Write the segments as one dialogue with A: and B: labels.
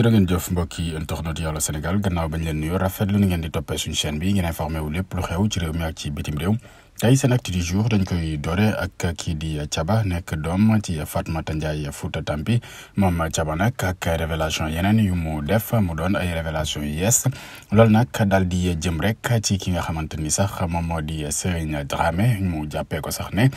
A: jërë ngeen jëf mbokki internet Allô Sénégal gannaaw bañ leen nuyoo rafet lu ngeen di toppee suñu chaîne bi ngeen informé wu lépp lu xew ci réew mi ak ci bitim réew tey seen acte du jour dañ koy doore ak kii di Thiaba nekk doom ci Fatmata Ndiaye Fouta Tampi moom Thiaba nag ak yeneen yu mu def mu doon ay révélation yu yees loolu nag daal di jëm rek ci ki nga xamante ni sax moom moo di Serigne Dramé mu jàppee ko sax ne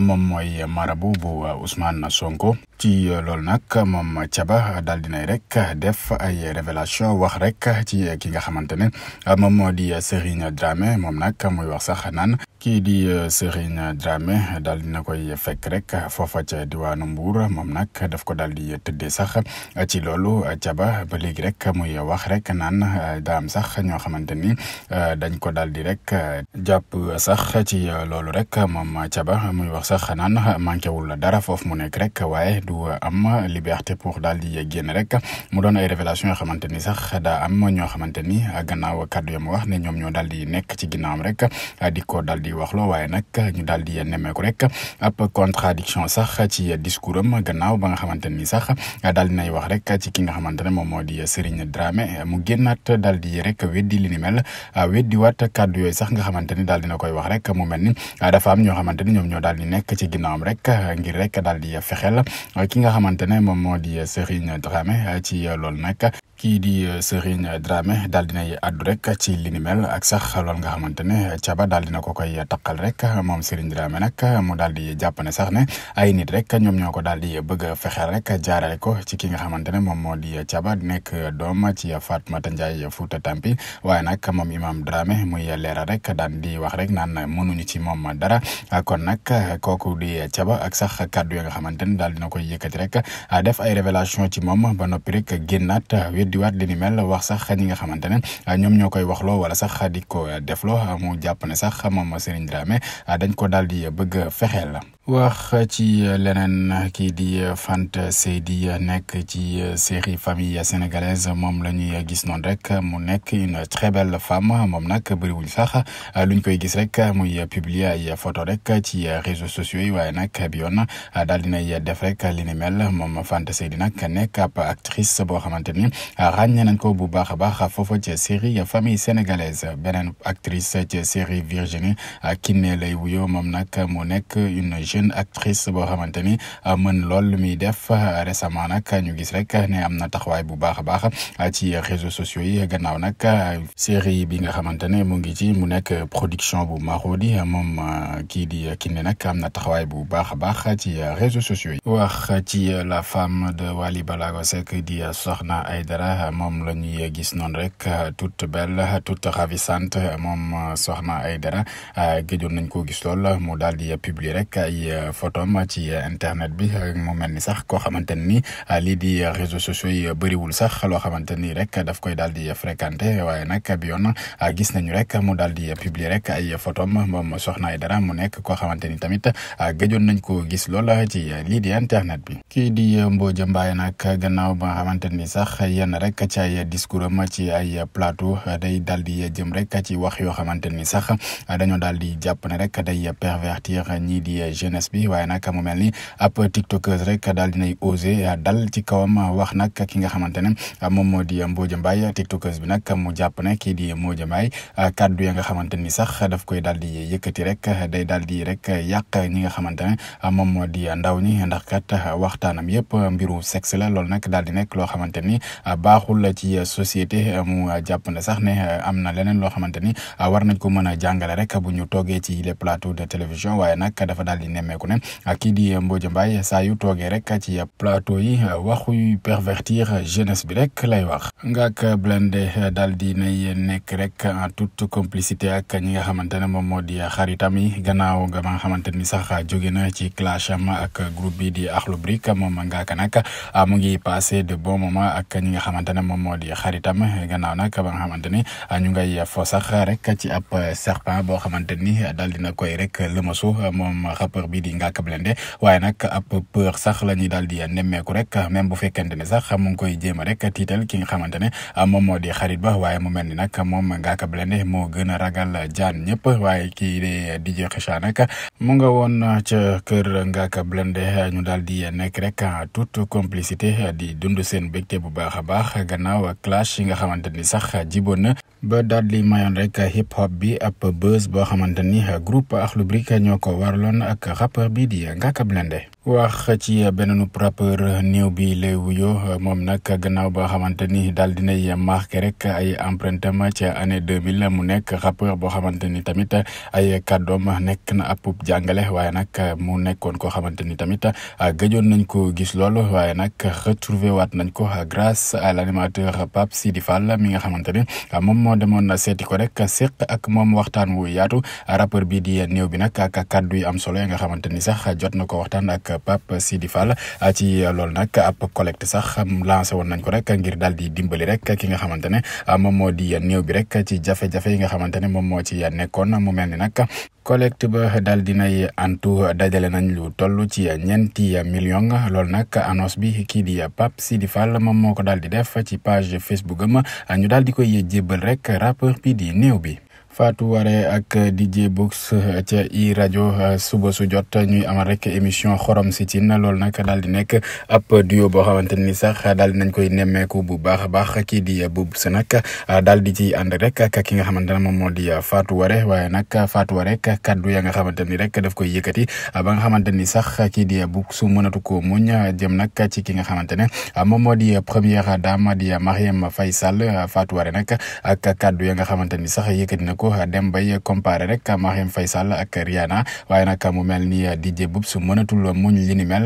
A: moom mooy marabu bu Ousmane Sonko ci euh, loolu nag moom Thiaba daal dinay rek def ay révélation wax rek ci ki nga xamante ne euh, moom moo di euh, Serigne Dramé moom nag muy wax sax naan kii di Serigne Dramé daal dina koy fekk rek foofa ca diwaanu moom nag daf ko daal di tëddee sax ci loolu Thiaba ba léegi rek muy wax rek naan daam sax ñoo xamante ni dañ ko daal di rek jàpp sax ci loolu rek moom Thiaba muy wax sax naan manqué wul dara foofu mu nekk rek waaye. du am liberté pour daal di génn rek mu doon ay révélation yoo xamante ni sax daa am ñoo xamante ni gannaaw kàddu yam wax ne ñoom ñoo daal di nekk ci ginnaawam rek di ko daal di waxloo waaye nag ñu daal di nemmeeku rek ab contradiction sax ci discours am gannaaw ba nga xamante ni sax daal di nay wax rek ci ki nga xamante ne moom moo di Serigne Dramé mu génnaat dal di rek weddi li ni mel weddiwaat kaddu yooyu sax nga xamante ni daal dina koy wax rek mu mel ni a am ñoo xamante ni ñoom ñoo daal di nekk ci ginnaawam rek ngir rek daal di fexeel ki nga xamante ne moom moo di Serigne Dramé ci loolu nag kii di eh, Serigne Dramé daal dinay add rek ci li ni mel ak sax lool nga xamante ne caba daal dina ko koy taqal rek moom Serigne Dramé nag mu daal di jàpp ne sax ne ay nit rek ñoom ñoo ko daal di bëgg a fexeel rek jaarale ko ci ki nga xamante ne moom moo di caba nekk doom ci Fatoumata Ndiaye Fouta Tampi waaye nag moom Imam Dramé muy leera rek daan di wax rek naan mënuñu ci moom dara kon nag kooku di caba ak sax kàddu ya nga xamante ne daal dina koy yëkkati rek def ci moom ba noppi diwaat li ni mel wax sax ñi nga xamante ne ah, ñoom ñoo koy waxloo wala sax di ko defloo mu jàpp ne sax moom Serigne Dramé ah, dañ ko daal di bëgg fexeel la wax ci leneen kii di Fanta Seydi nekk ci seri famille sénégalaise moom la ñuy gis noon rek mu nekk une très belle femme moom nag bëriwuñ sax luñ koy gis rek muy publier ay photo rek ci réseaux sociaux yi waaye nag bi yoon daal dinay def rek li ni mel moom Fanta Seydi nag nekk ab actrice boo xamante ni ràññee nañ ko bu baax a baax foofa ci série famille sénégalaise beneen actrice ci série Virginie Kiné lay wuyoo moom nag mu nekk une actrice boo xamante ni euh, mën lool lu muy def récemment nag ñu gis rek ne am na taxawaay bu baax a baax ci réseaux sociaux yi gannaaw nag série bi nga xamante ne mu ngi ci mu nekk production bu Marodi moom euh, kii di Kiné nag am na taxawaay bu baax a baax ci réseaux sociaux yi. wax ci la femme de Wally Ballago Seck di Soxna Aydara moom la ñuy gis noonu rek toute belle toute ravissante moom Soxna Aydara euh, gëjoon nañ koo gis lool mu daal di publier rek. ay euh, photom ci euh, internet bi euh, mu mel ni sax koo xamante ni lii di réseaux sociaux yi bëriwul sax loo xamante ni rek daf koy daal di fréquenté waaye nag bi yoon gis nañu rek mu daal di publier rek ay photom moom Soxna Aidara mu nekk koo xamante ni tamit gëjoon nañ ko gis lool ci lii di internet bi. kii di Mbodj Mbaye nag gannaaw ba nga xamante ni sax yenn rek ci ay discours am ci ay plateau day daal di jëm rek ci wax yoo xamante ni sax dañoo daal di jàpp ne rek day pervertir ñii di jeunesse bi waaye nag mu mel ni ab tiktokeuse rek daal dinay osé dal ci kawam wax nag ki nga xamante ne moom moo di Mbodia Mbaye tiktokeuse bi nag mu jàpp ne kii di Mbodia Mbaye kàddu ya nga xamante ni sax daf koy daal di yëkkati rek day daal di rek yàq ñi nga xamante ne moom moo di ndaw ñi ndax kat waxtaanam yëpp mbiru sexe la loolu nag daal di nekk loo xamante ni baaxul ci société mu jàpp ne sax ne am na leneen loo xamante ni war nañ ko mën a jàngale rek bu ñu toogee ci les plateaux de télévision waaye a dafa daal di nemmeeku ne kii di Mbodj Mbaye saa yu toogee rek ci plateau yi waxuy pervertir jeunesse bi rek lay wax Ngaaka Blindé daal di nay nekk rek en toute complicité ak ñi nga xamante ne moom moo di xaritam yi gannaaw nga ma nga xamante ni sax jóge na ci clash am ak bi di Akhlou Brick moom Ngaaka nag ah, mu de bon moment ak ñi nga xamante ne moom moo di xaritam gannaaw nag ba nga xamante ni ah, ñu ngay fo sax rek ci ab serpent boo xamante ni daal dina koy rek lëmasu moom rappeur bi di Ngaaka Blindé waaye nag ab peur sax la ñuy daal di nemmeeku rek même bu fekkente ne sax mu ngi koy jéem a rek tiital ki nga xamante ne moom moo di xarit ba waaye mu mel ni nag moom Ngaaka Blindé moo gën a ragal jaan ñëpp waaye ki di DJ Kheucha nag mu nga woon ca kër ngaka Ngaaka Blindé ñu daal di nekk rek toute complicité di dund seen bégte bu baax a baax gannaaw clash yi nga xamante ni sax jiboon na ba daal di mayoon rek hip hop bi ab buzz boo xamante ni groupe Akhlou Brick ñoo ko waraloon ak rappeur bi di Ngaaka Blindé wax ci beneen rappeur néew bi lay wuyo moom nag gannaaw ba xamante ni daal dinay marqué rek ay empreinte am ca année deux mille mu nekk rappeur boo xamante ni tamit ay kàddoom nekk na ab jàngale waaye nag mu nekkoon koo xamante ni tamit gëjoon nañ ko gis lool waaye nag retrouvé waat nañ ko grâce à l' animateur Pape Sidi Fall mi nga xamante ni moom moo demoon seeti ko rek seq ak moom waxtaan wu yaatu rappeur bi di néew bi nag ak kàddu yi am solo yi nga xamante ni sax jot na ko waxtaan ak. ak Pape Sidi Fall ci loolu nag ab collecte sax lancé woon nañ ko rek ngir daal di dimbali rek ki nga xamante ne moom moo di néew bi rek ci jafe-jafe nga xamante ne moom moo ci nekkoon mu mel ni nag. collecte ba daal dinay antu dajale nañ lu toll ci ñeenti million loolu nag annonce bi kii di Pape Sidi Fall moom moo ko daal di def ci page Facebook am ñu daal di koy jébbal rek rappeur bi di néew bi. faatu ware ak DJ Box ca i rajo euh, suba su jot ñuy amal rek émission xorom si na loolu nag daal di nekk ab duo boo xamante ni sax daal nañ koy nemmeeku bu baax a baax kii di Boubs nag euh, daal di ci ànd rek ak ki nga xamante ne moom moo di euh, Fatou Waré waaye nag Fatou Waré kaddu ya nga xamante ni rek daf koy yëkkati ba nga xamante ni sax kii di Boubs mënatu ko muñ jëm nag ci ki nga xamante ne moom moo di première dame di Marième Faye Sall Fatou Waré nag ak kaddu ya nga xamante ni sax yëkkati na ko dem bay comparé rek Marième Faye Sall ak Rihanna waaye nag mu mel ni DJ Boubs mënatul muñ li ni mel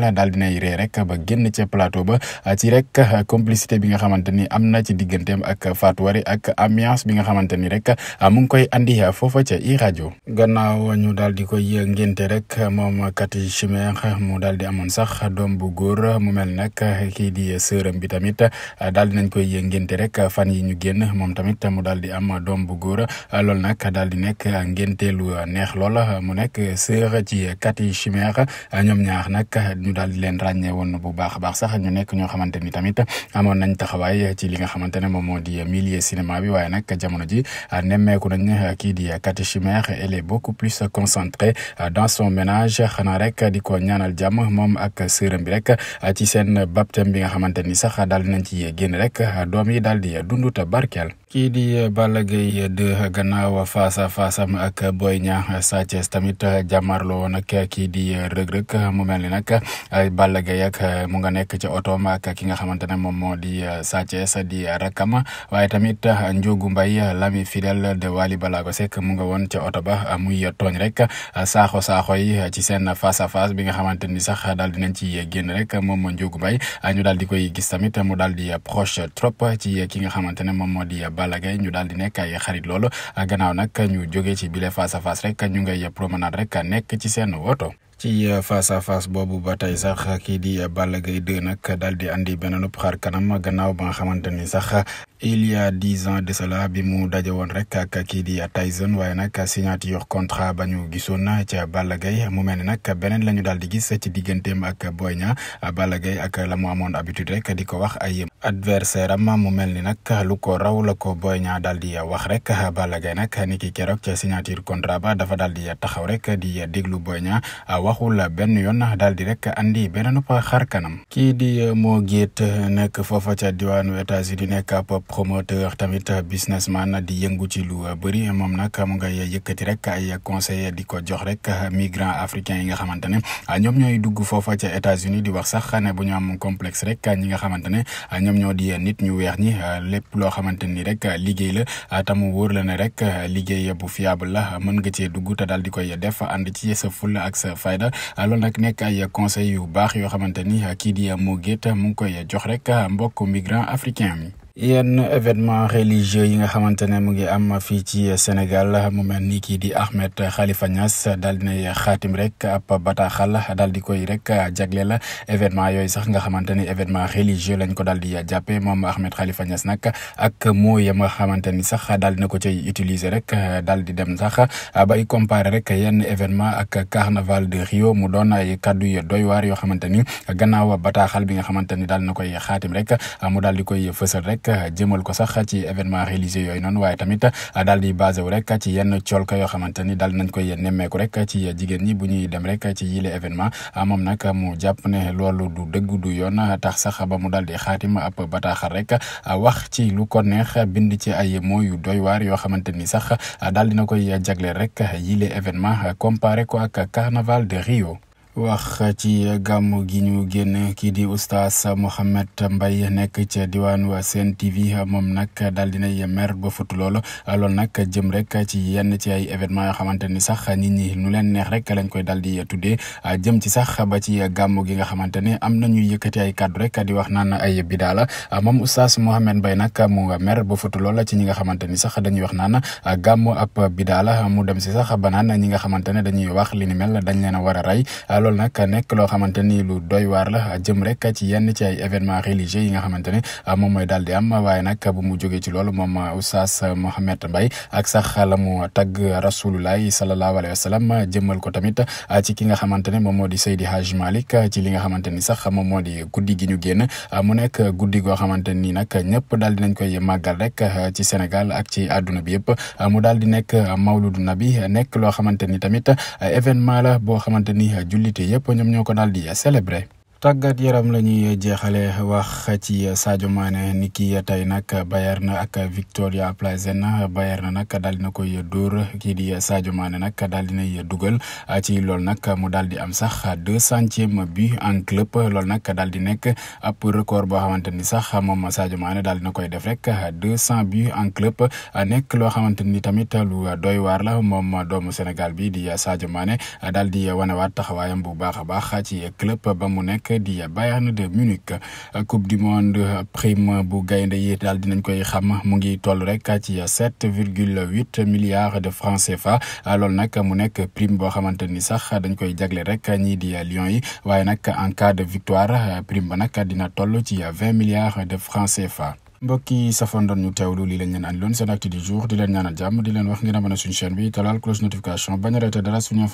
A: bi nga xamante ni am na ci digganteem ak Fatou Wari ak ambiance bi nga xamante ni rek mu koy andi foofa ca i rajo gannaaw ñu daal di koy ngénte rek moom Kati Chimère mu daal di amoon sax doom bu góor mu mel nag kii di sëram bi tamit daal dinañ koy ngénte rek fan yi ñu génn moom tamit mu daal di am doom bu góor loolu nag daal di nekk ngénteelu neex loola mu nekk sœur ci Katy Chimère ñoom ñaax nag ñu daal di leen ràññee woon bu baax a baax sax ñu nekk ñoo xamante ni tamit amoon nañ taxawaay ci li nga xamante ne moom moo di milieu cinéma bi waaye nag jamono ji nemmeeku nañ kii di Katy Chimère elle est beaucoup plus concentrée dans son ménage xanaa rek di ko ñaanal jam moom ak sœuram bi rek ci seen baptême bi nga xamante ni sax daal di nañ ci génn rek doom yi daal di dund te kii di Balla Gaye 2 gannaaw face à face ak Boy Niang Sa tamit jamarlo woon ak kii di Reug mu mel ni nag Balla Gaye mu nga nekk ci otoom ak ki nga xamante ne moom moo di Sa Thiès di rakkam waaye tamit Ndiogou Mbaye l'ami fidèle de wali Ballago sek mu nga woon ca oto ba muy tooñ rek saaxo saaxo yi ci seen face à bi nga xamante ni sax daal nañ ci génn rek moom Ndiogou Mbaye ñu daal di koy gis tamit mu daal di proche trop ci ki nga xamante ne moom moo di. Balla Gaye ñu daal di nekk ay xarit loolu gannaaw nag ñu jógee ci bile face à face rek ñu ngay promenade rek nekk ci seen woto. ci euh, face à boobu ba tey sax kii a Balla Gaye 2 nag daal di andi beneen xaar kanam gannaaw ba nga sax. il y a dix ans de cela bi mu daje woon rek ak kii di Tyson waaye nag signature contrat ba ñu gisoon ca Balla mu mel ni nag beneen la ñu daal di gis ci digganteem ak Boy Niang Balla la mu amoon habitude rek di ko wax ay adversaire am mu mel ni nag lu ko raw la ko Boy Niang daal di wax rek Balla Gaye nag ni ki keroog ca signature contrat ba dafa dal di taxaw rek di déglu Boy Niang waxul benn yoon daal di a andi beneen xar kanam kii di moo géet nekk foofa ca diwaanu États-Unis comme promoteur tamit euh, businessman di yëngu ci lu euh, bëri moom nag mu nga yëkkati rek ay conseil di ko jox rek euh, migrants africains yi nga xamante ne ñoom ñooy dugg foofa ca États-Unis di wax sax ne bu ñu am complexe rek ñi nga xamante ne ñoom ñoo di nit ñu weex ñi lépp loo xamante ni rek liggéey la tamu wóor la rek liggéey bu fiable la mën nga cee dugg te daal di koy def ànd ci sa fulla ak sa fayda loolu nag nekk ay conseil yu baax yoo xamante ni kii di Mo Gates mu ngi koy jox rek mbokk migrant africain mi yenn événement religieux yi nga xamante ne mu ngi am fii ci Sénégal mu mel ni kii di Ahmed Khalifa dal daal dinay xaatim rek ab bataaxal daal di koy rek jagleel événement yooyu sax nga xamante ni événement religieux lañ ko daal di jàppee moom Ahmed Khalifa Niass nag ak moo ya nga xamante ni sax daal na ko cay utiliser rek daal di dem sax bay comparer rek yenn événement ak carnaval de Rio mu doon ay kaddu yu doy waar yoo xamante ni gannaaw bataaxal bi nga xamante ni daal na koy xaatim rek mu daal di koy fësal rek. rek jëmal ko sax ci événement réalisé yooyu noonu waaye tamit daal di basé wu rek ci yenn cool ka yoo xamante ni daal nañ koy nemmeeku rek ci jigéen ñi bu ñuy dem rek ci yile événement moom nag mu jàpp ne loolu du dëgg du yoon tax sax ba mu daal di xaatim ab bataaxal rek wax ci lu ko neex bind ci ay mots yu doy waar yoo xamante ni sax daal dina koy jagleel rek yile événement comparé ko ak carnaval de Rio. wax ci gàmm gi ñu génn kii di oustaz Mouhamed Mbaye nekk ca diwaanu Sen TV moom nag daal di nay mer ba futu lool loolu nag jëm rek ci yenn ci ay événements yoo xamante ni sax nit ñi nu leen rek lañ koy daal di tuddee jëm ci sax ba ci gàmm gi nga xamante ne am na ñuy yëkkati ay kàddu rek di wax naan ay bidaa la moom oustaz Mouhamed Mbaye nag mu mer ba futu lool ci ñi nga xamante ni sax dañuy wax naan gàmm ab bidaa la mu dem si sax ba naan ñi nga xamante ne dañuy wax li ni mel dañ leen a war a rey. lool nag nekk loo xamante ni lu doywaar waar la jëm rek ci yenn ci ay événement religieux yi nga xamante ne ah, moom mooy daal di am waaye nag bu mu jógee ci loolu moom ah, oustaz Mohamed mbay ak sax la mu tagg rasulullahi sallallahu alayhi wa sallam jëmmal ko tamit ah, ci ki nga xamante ne moom moo di Seydi Haj Malick ci li nga xamante ni sax moom moo di guddi gi ñu génn mu nekk guddi goo xamante ni nag ñëpp daal di nañ koy màggal rek ci Sénégal ak ci àdduna bi yëpp mu daal di nekk mawludu nabi nekk loo xamante ni tamit événement la boo xamante activité yëpp ñoom ñoo ko daal di célébré tàggat yaram la ñuy jeexale wax ci Sadio maane ni ki tey nag Bayern ak Victoria Plzen Bayern nag daal di na koy dóor kii di Sadio maane nag daal di dugal ci loolu nag mu daal di am sax deux centième but en club loolu nag daal di nekk ab record boo xamante ni sax moom Sadio maane daal di na koy def rek deux cent buts en club nekk loo xamante ni tamit lu doy waar la moom doomu Sénégal bi di Sadio Mané daal di wanewaat taxawaayam bu baax a baax ci club ba mu nekk. di Bayern de Munich coupe du monde prime bu gaynde yi daal dinañ koy xam mu ngi toll rek ci sept milliards de francs CFA loolu nag mu nekk prime boo xamante sax dañ koy jagle rek ñii di Lions yi waaye nag en cas de victoire prime ba nag dina toll ci vingt milliards de francs CFA. mbokk yi safandoon ñu teewlu lii lañ leen andi loon seen acte di leen ñaanal jàmm di leen wax ngeen abonné suñu chaîne bi talaal cloche notification bañ a raté dara suñu